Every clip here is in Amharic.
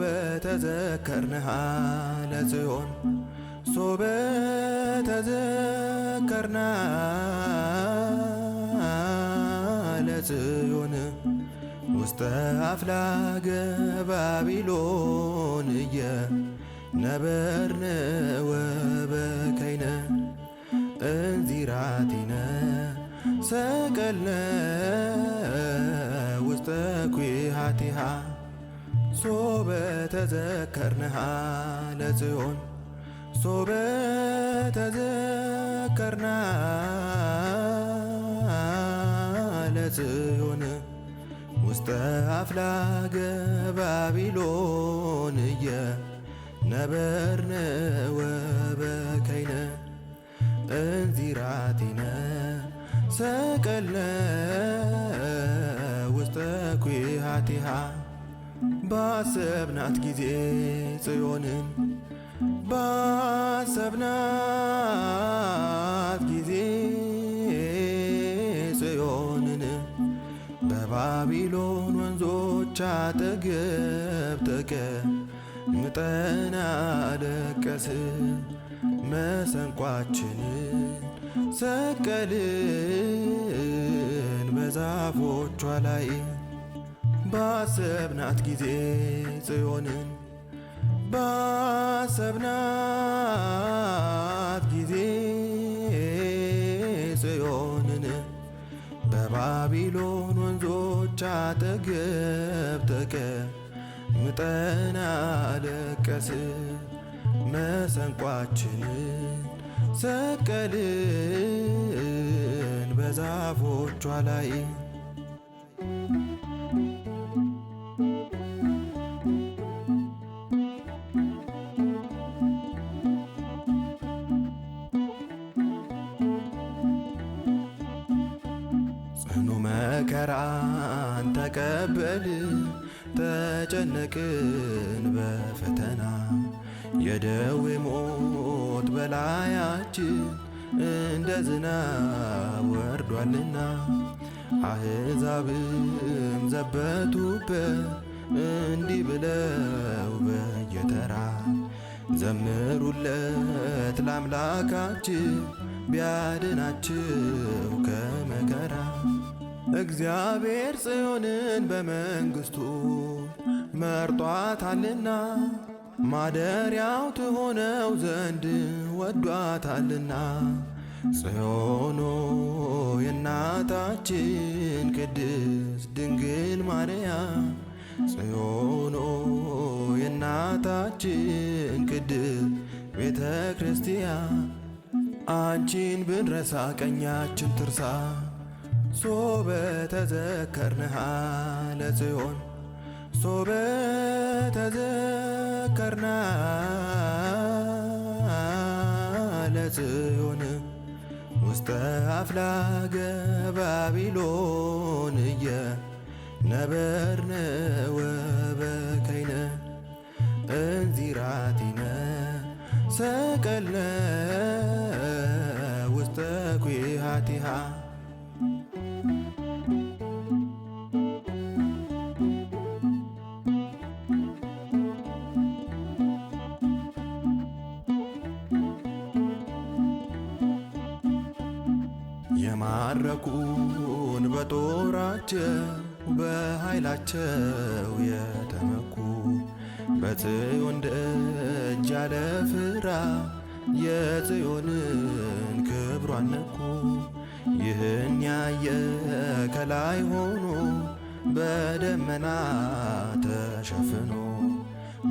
በተዘከርንሃ ለጽዮን ሶበ ተዘከርና ለጽዮን ውስተ አፍላገ ባቢሎን እየ ነበርንወ በከይነ እንዚራቲነ ሰቀልነ ውስተ ኩሃቲሃ ሶበ ተዘከርንሃ ለጽዮን ሶበ ተዘከርና ለጽዮን ውስተ አፍላገ ባቢሎን እየ ወበከይነ እንዚራቲነ ሰቀልነ ውስተ ኩሃቲሃ ባሰብናት ጊዜ ጽዮንን ባሰብናት ጊዜ ጽዮንን በባቢሎን ወንዞች አጠገብ ተቀምጠን አለቀስን። መሰንቋችንን ሰቀልን በዛፎቿ ላይ ባሰብናት ጊዜ ጽዮንን ባሰብናት ጊዜ ጽዮንን በባቢሎን ወንዞች አጠገብ ተቀምጠን መሰንቋችን መሰንቋችንን ሰቀልን በዛፎቿ ላይ ተጨነቅን በፈተና የደዌ ሞት በላያችን እንደ ዝናብ ወርዷልና አሕዛብም ዘበቱበት እንዲህ ብለው በየተራ ዘምሩለት ለአምላካችን ቢያድናችሁ ከመከራ እግዚአብሔር ጽዮንን በመንግሥቱ መርጧታልና ማደሪያው ትሆነው ዘንድ ወዷታልና። ጽዮኖ የእናታችን ቅድስት ድንግል ማርያም ጽዮኖ የእናታችን ቅድስት ቤተ ክርስቲያን አንቺን ብንረሳ ቀኛችን ትርሳ ሶበ ተዘከርንሃ ለጽዮን ሶበ ተዘከርና ለጽዮን ውስተ አፍላገ ባቢሎን ነበርነ ወበከይነ እንዚራቲነ ሰቀልነ ውስተ ኩሃቲሃ የማረኩን በጦራቸው በኃይላቸው የተመኩ በጽዮን ደጅ ያለ ፍራ የጽዮንን ክብሯን ነኩ። ይህን ያየ ከላይ ሆኖ በደመና ተሸፍኖ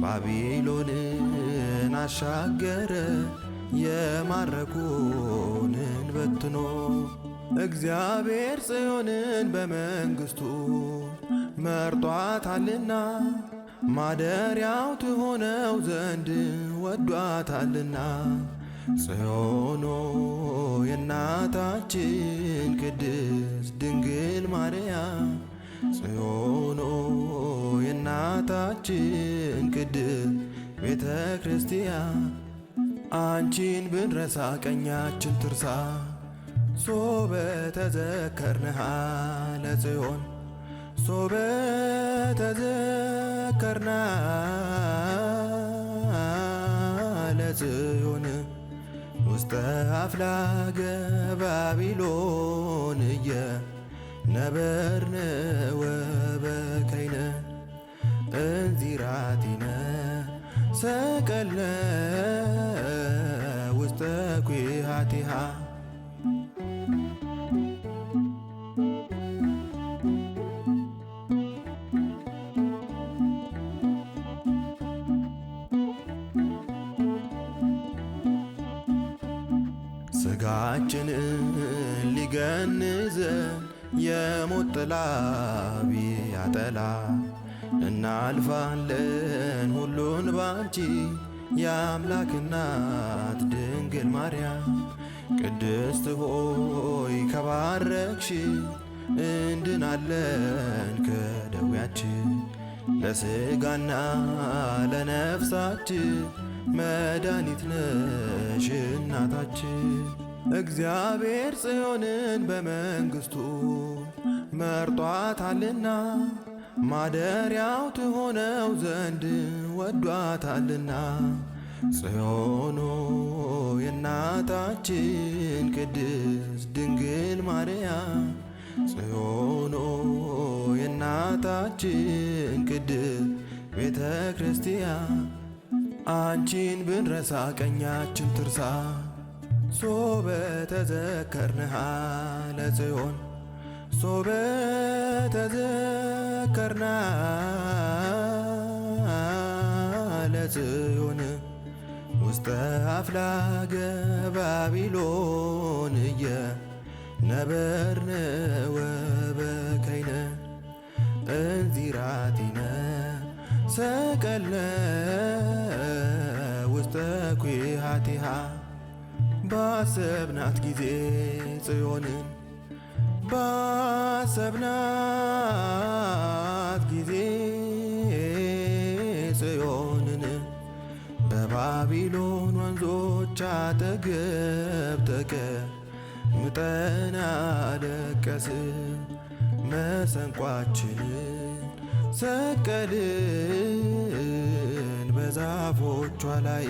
ባቢሎንን አሻገረ የማረኩንን በትኖ እግዚአብሔር ጽዮንን በመንግሥቱ መርጧታልና ማደሪያው ትሆነው ዘንድ ወዷታልና። ጽዮኖ የእናታችን ቅድስት ድንግል ማርያም ጽዮኖ የእናታችን ቅድስት ቤተ ክርስቲያን አንቺን ብንረሳ ቀኛችን ትርሳ ሶበ ተዘከርንሃ ለጽዮን ሶበ ተዘከርና ለጽዮን ውስተ አፍላገ ባቢሎን እየ ነበርነ ወበከይነ እንዚራቲነ ውስተ ኩሃቲሃ ጋችን ሊገንዘን የሞት ጥላ ቢያጠላ እናልፋለን ሁሉን ባንቺ የአምላክ እናት ድንግል ማርያም ቅድስት ሆይ ከባረክሽ እንድናለን ከደዌያችን ለስጋና ለነፍሳችን መድኃኒት ነሽ እናታችን። እግዚአብሔር ጽዮንን በመንግሥቱ መርጧታልና ማደሪያው ትሆነው ዘንድ ወዷታልና። ጽዮኖ የእናታችን ቅድስት ድንግል ማርያም ጽዮኖ የእናታችን ቅድስት ቤተ ክርስቲያን አንቺን ብንረሳ ቀኛችን ትርሳ ሶበ ተዘከርንሃ ለጽዮን ሶበ ተዘከርና ለጽዮን ውስተ አፍላገ ባቢሎን እየ ወበከይነ እንዚራቲነ ሰቀልነ ውስተ ኩሃቲሃ ባሰብናት ጊዜ ጽዮንን ባሰብናት ጊዜ ጽዮንን በባቢሎን ወንዞች አጠገብ ተቀምጠን አለቀስን። መሰንቋችንን ሰቀልን በዛፎቿ ላይ